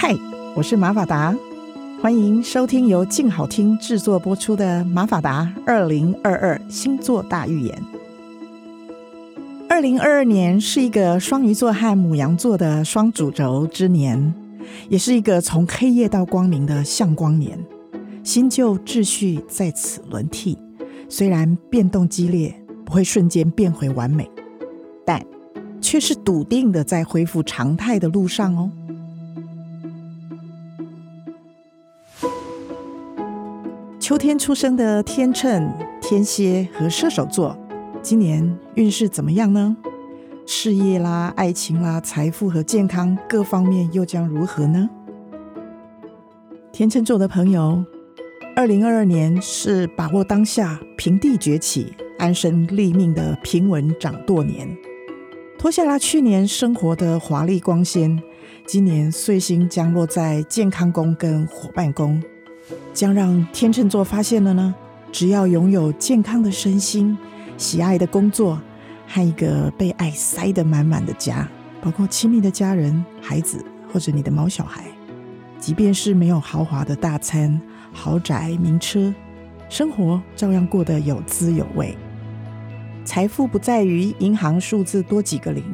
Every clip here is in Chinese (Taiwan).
嗨，Hi, 我是馬法達，歡迎收聽由靜好聽制作播出的《馬法達二零二二星座大預言》。二零二二年是一個雙魚座和牡羊座的雙主軸之年，也是一個從黑夜到光明的向光年，新舊秩序在此輪替。雖然變動激烈，不會瞬間變回完美，但卻是篤定的在恢復常態的路上哦。秋天出生的天秤、天蠍和射手座，今年運勢怎麼樣呢？事業啦、愛情啦、財富和健康各方面又將如何呢？天秤座的朋友，二零二二年是把握當下、平地崛起、安身立命的平穩掌舵年。脫下了去年生活的華麗光鮮，今年歲星降落在健康宮跟夥伴宮。將讓天秤座發現了呢。只要擁有健康的身心、喜愛的工作和一個被愛塞得滿滿的家，包括親密的家人、孩子或者你的毛小孩，即便是沒有豪華的大餐、豪宅、名車，生活照樣過得有滋有味。財富不在於銀行數字多幾個零，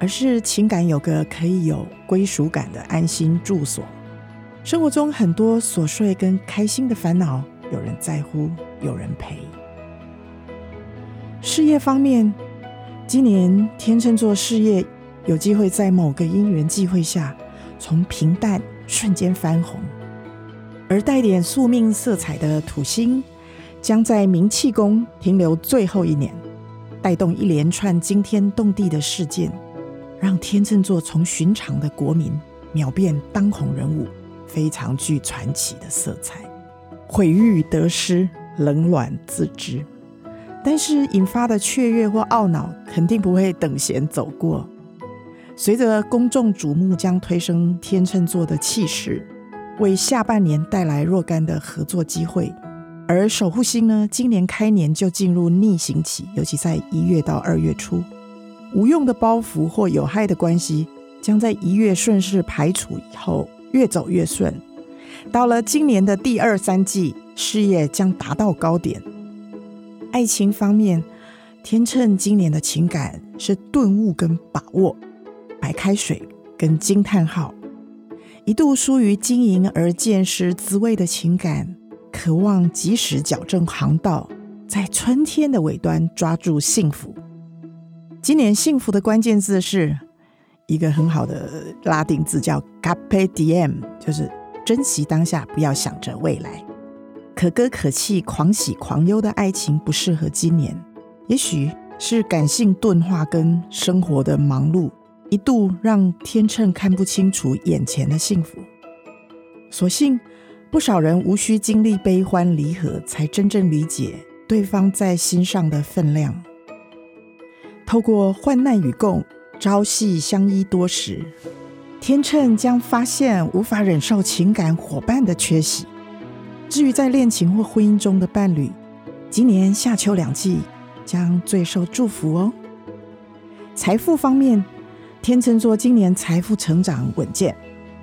而是情感有個可以有歸屬感的安心住所。生活中很多瑣碎跟開心的煩惱，有人在乎，有人陪。事業方面，今年天秤座事業有機會在某個因緣際會下，從平淡瞬間翻紅。而帶點宿命色彩的土星，將在名氣宮停留最後一年，帶動一連串驚天動地的事件，讓天秤座從尋常的國民秒變當紅人物。非常具傳奇的色彩，毀譽得失，冷暖自知。但是引發的雀躍或懊惱，肯定不會等閒走過。隨着公眾矚目將推升天秤座的氣勢，為下半年帶來若干的合作機會。而守護星呢，今年開年就進入逆行期，尤其在一月到二月初，無用的包袱或有害的關係，將在一月順勢排除以後。越走越順，到了今年的第二三季，事業將達到高點。愛情方面，天秤今年的情感是頓悟跟把握，白開水跟驚嘆號。一度疏於經營而漸失滋味的情感，渴望及時矯正航道，在春天的尾端抓住幸福。今年幸福的關鍵字是，一個很好的拉丁字叫 carpe diem，就是珍惜當下，不要想着未來。可歌可泣、狂喜狂憂的愛情不適合今年，也許是感性鈍化跟生活的忙碌，一度讓天秤看不清楚眼前的幸福。所幸，不少人無需經歷悲歡離合，才真正理解對方在心上的分量。透過患難與共。朝夕相依多時，天秤將發現無法忍受情感夥伴的缺席。至於在戀情或婚姻中的伴侶，今年夏秋兩季將最受祝福哦。財富方面，天秤座今年財富成長穩健，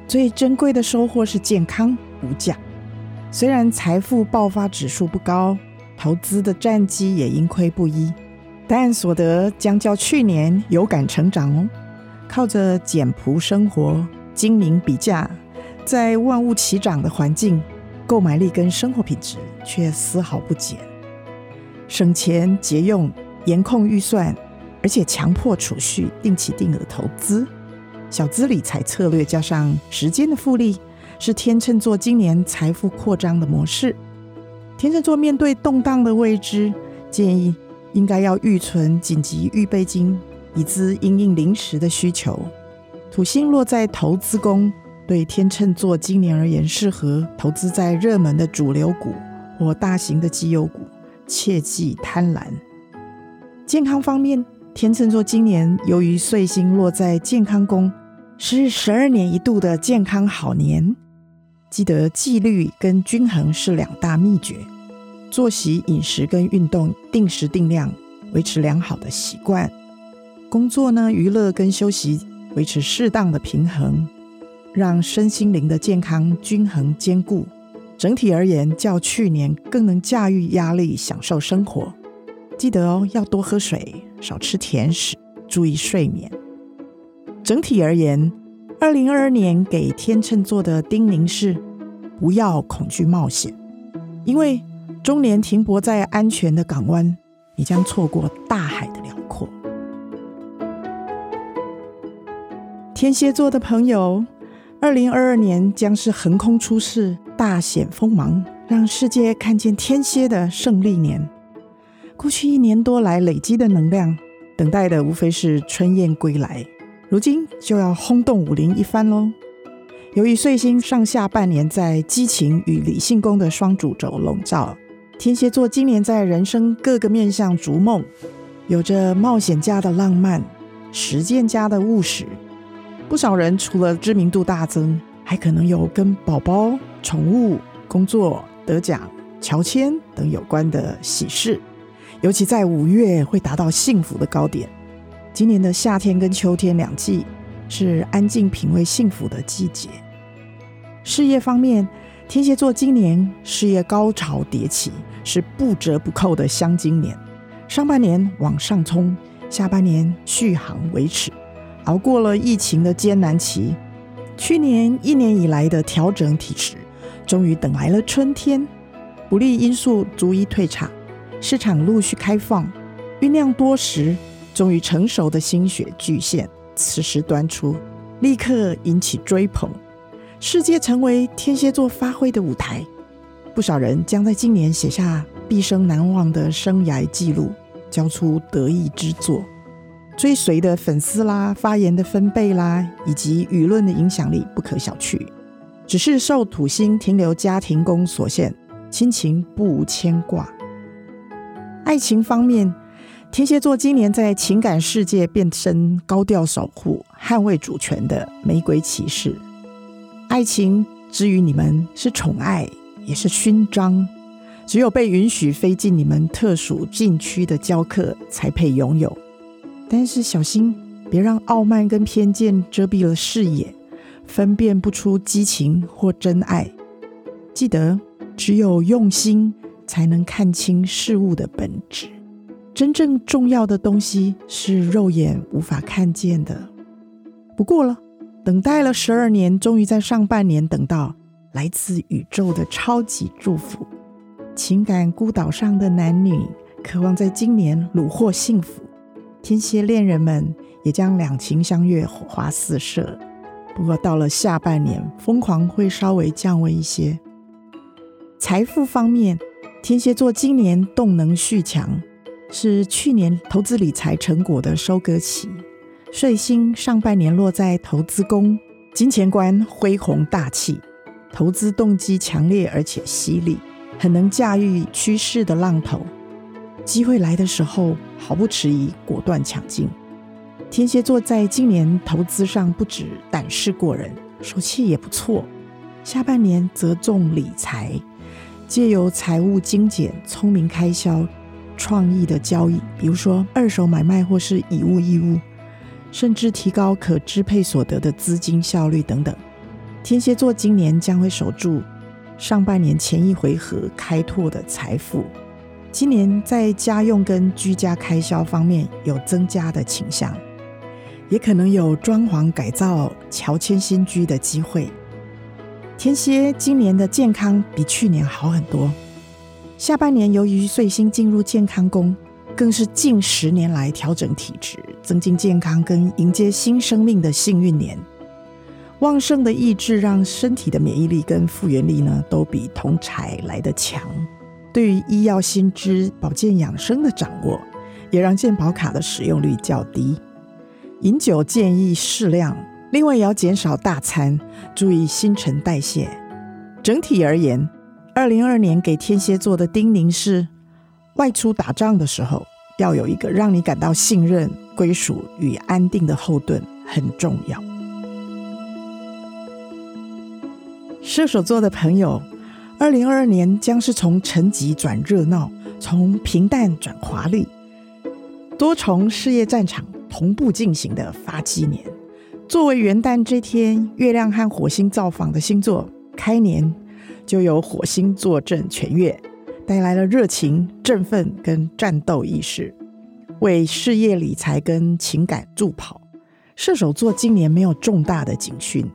最珍貴的收穫是健康無價。雖然財富爆發指數不高，投資的戰績也盈虧不一。但所得將較去年有感成長哦。靠着簡樸生活、精明比價，在萬物齊漲的環境，購買力跟生活品質卻絲毫不減。省錢節用、嚴控預算，而且強迫儲蓄、定期定額投資、小資理財策略，加上時間的複利，是天秤座今年財富擴張的模式。天秤座面對動盪的未知，建議，應該要預存緊急預備金，以資因應臨時的需求。土星落在投資宮，對天秤座今年而言，適合投資在熱門的主流股或大型的績優股，切忌貪婪。健康方面，天秤座今年由於歲星落在健康宮，是十二年一度的健康好年，記得紀律跟均衡是兩大秘訣。作息、飲食跟運動定時定量，維持良好的習慣；工作呢、娛樂跟休息維持適當的平衡，讓身心靈的健康均衡堅固。整體而言，較去年更能駕馭壓力，享受生活。記得哦，要多喝水，少吃甜食，注意睡眠。整體而言，二零二二年給天秤座的叮嚀是：不要恐懼冒險，因為，終年停泊在安全的港灣，你將錯過大海的遼闊。天蠍座的朋友，二零二二年將是橫空出世、大顯鋒芒，讓世界看見天蠍的勝利年。過去一年多來累積的能量，等待的無非是春燕歸來，如今就要轟動武林一番嘍。由於歲星上下半年在激情與理性宮的雙主軸籠罩。天蠍座今年在人生各個面向逐夢，有着冒險家的浪漫，實踐家的務實。不少人除了知名度大增，還可能有跟寶寶、寵物、工作、得獎、喬遷等有關的喜事。尤其在五月會達到幸福的高點。今年的夏天跟秋天兩季是安靜品味幸福的季節。事業方面，天蠍座今年事業高潮迭起。是不折不扣的鑲金年，上半年往上衝，下半年續航維持，熬過了疫情的艱難期，去年一年以來的調整體時，終於等來了春天，不利因素逐一退場，市場陸續開放，醞釀多時，終於成熟的心血巨獻，此時端出，立刻引起追捧，世界成為天蠍座發揮的舞台。不少人將在今年寫下畢生難忘的生涯紀錄，交出得意之作。追隨的粉絲啦，發言的分貝啦，以及輿論的影響力不可小覷。只是受土星停留家庭宮所限，親情不無牽掛。愛情方面，天蠍座今年在情感世界變身高調守護、捍衛主權的玫瑰騎士。愛情之於你們是寵愛。也是勳章，只有被允許飛進你們特屬禁區的嬌客才配擁有。但是小心，別讓傲慢跟偏見遮蔽了視野，分辨不出激情或真愛。記得，只有用心才能看清事物的本質。真正重要的東西是肉眼無法看見的。不過了，等待了十二年，終於在上半年等到。來自宇宙的超級祝福，情感孤島上的男女渴望在今年虜獲幸福。天蠍戀人們也將兩情相悅，火花四射。不過到了下半年，瘋狂會稍微降溫一些。財富方面，天蠍座今年動能續強，是去年投資理財成果的收割期。歲星上半年落在投資宮，金錢觀恢宏大氣。投資動機強烈而且犀利，很能駕馭趨勢的浪頭。機會來的時候，毫不遲疑，果斷搶進。天蠍座在今年投資上不止膽識過人，手氣也不錯。下半年則重理財，借由財務精簡、聰明開銷、創意的交易，比如說二手買賣或是以物易物，甚至提高可支配所得的資金效率等等。天蠍座今年將會守住上半年前一回合開拓的財富，今年在家用跟居家開銷方面有增加的傾向，也可能有裝潢改造、喬遷新居的機會。天蠍今年的健康比去年好很多，下半年由於歲星進入健康宮，更是近十年來調整體質、增進健康跟迎接新生命的幸運年。旺盛的意志讓身體的免疫力跟復原力呢，都比同儕來得強。對於醫藥新知、保健養生的掌握，也讓健保卡的使用率較低。飲酒建議適量，另外也要減少大餐，注意新陳代謝。整體而言，二零二二年給天蠍座的叮嚀是：外出打仗的時候，要有一個讓你感到信任、歸屬與安定的後盾，很重要。射手座的朋友，二零二二年將是從沉寂轉熱鬧，從平淡轉華麗，多重事業戰場同步進行的發跡年。作為元旦這天月亮和火星造訪的星座，開年就由火星坐鎮全月，帶來了熱情、振奮跟戰鬥意識，為事業、理財跟情感助跑。射手座今年沒有重大的警訊。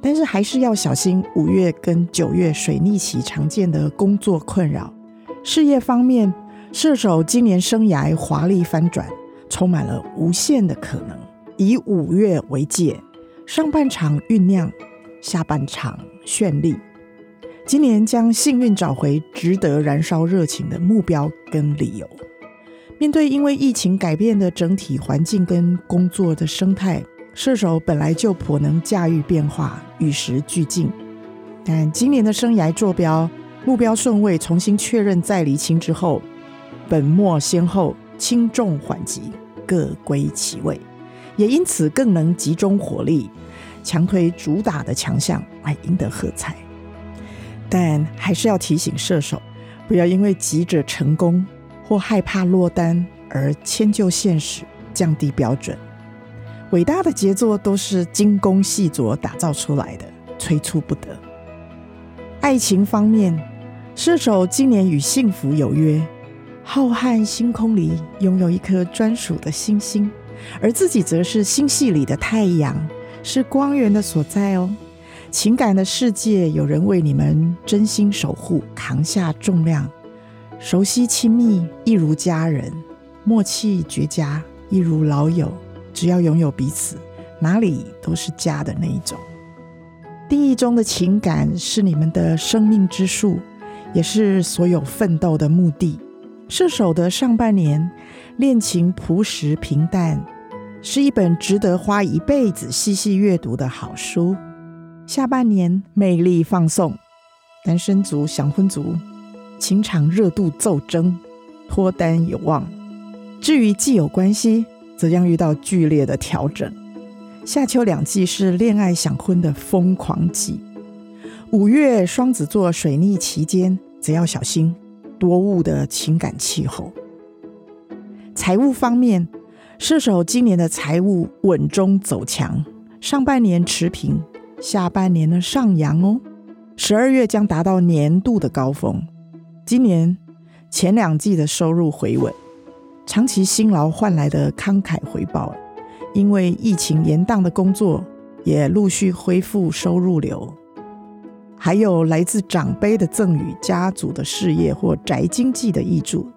但是還是要小心五月跟九月水逆期常見的工作困擾。事業方面，射手今年生涯華麗翻轉，充滿了無限的可能。以五月為界，上半場醞釀，下半場絢麗。今年將幸運找回值得燃燒熱情的目標跟理由。面對因為疫情改變的整體環境跟工作的生態，射手本來就頗能駕馭變化。與時俱進，但今年的生涯坐標目標順位重新確認再釐清之後，本末先後、輕重緩急各歸其位，也因此更能集中火力，強推主打的強項，來贏得喝彩。但還是要提醒射手，不要因為急着成功或害怕落單而遷就現實，降低標準。偉大的傑作都是精工細琢打造出來的，催促不得。愛情方面，射手今年與幸福有約，浩瀚星空裡擁有一顆專屬的星星，而自己則是星系裡的太陽，是光源的所在哦。情感的世界，有人為你們真心守護，扛下重量，熟悉親密，一如家人，默契絕佳，一如老友。只要擁有彼此，哪裡都是家的那一種。定義中的情感是你們的生命之樹，也是所有奮鬥的目的。射手的上半年戀情樸實平淡，是一本值得花一輩子細細閱讀的好書。下半年魅力放送，單身族、想婚族情場熱度驟增，脫單有望。至於既有關係，則將遇到劇烈的調整。夏秋兩季是戀愛想婚的瘋狂季。五月雙子座水逆期間，則要小心多霧的情感氣候。財務方面，射手今年的財務穩中走強，上半年持平，下半年呢上揚哦。十二月將達到年度的高峰。今年前兩季的收入回穩。長期辛勞換來的慷慨回報，因為疫情延宕的工作也陸續恢復收入流，還有來自長輩的贈與、家族的事業或宅經濟的挹注，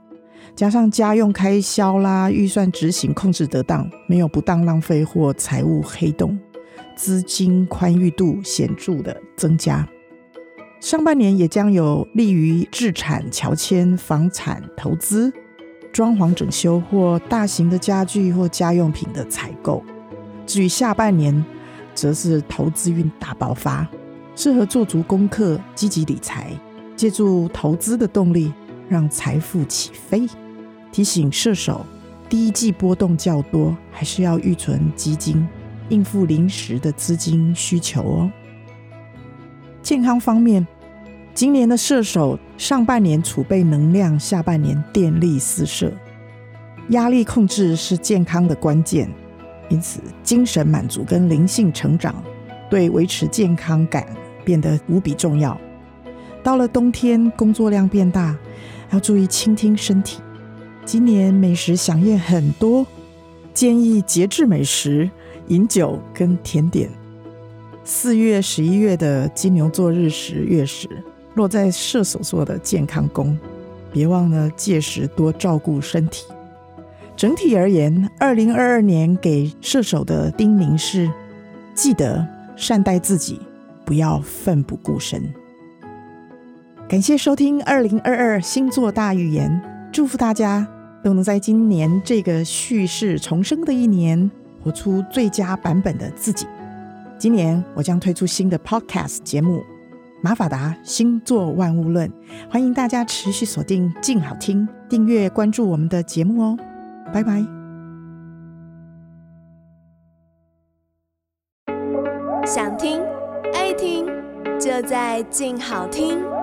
加上家用開銷啦，預算執行控制得當，沒有不當浪費或財務黑洞，資金寬裕度顯著的增加。上半年也將有利於置產、喬遷、房產投資。裝潢整修或大型的家具或家用品的採購。至於下半年，則是投資運大爆發，適合做足功課，積極理財，借助投資的動力，讓財富起飛。提醒射手，第一季波動較多，還是要預存基金，應付臨時的資金需求哦。健康方面。今年的射手，上半年儲備能量，下半年電力四射。壓力控制是健康的關鍵，因此精神滿足跟靈性成長對維持健康感變得無比重要。到了冬天，工作量變大，要注意傾聽身體。今年美食饗宴很多，建議節制美食、飲酒跟甜點。四月、十一月的金牛座日食、月食。落在射手座的健康宮，別忘了屆時多照顧身體。整體而言，二零二二年給射手的叮嚀是：記得善待自己，不要奮不顧身。感謝收聽《二零二二星座大預言》，祝福大家都能在今年這個蓄勢重生的一年，活出最佳版本的自己。今年我將推出新的 Podcast 節目。馬法達星座萬物論，歡迎大家持續鎖定靜好聽，訂閱關注我們的節目哦。拜拜，想聽愛聽就在靜好聽。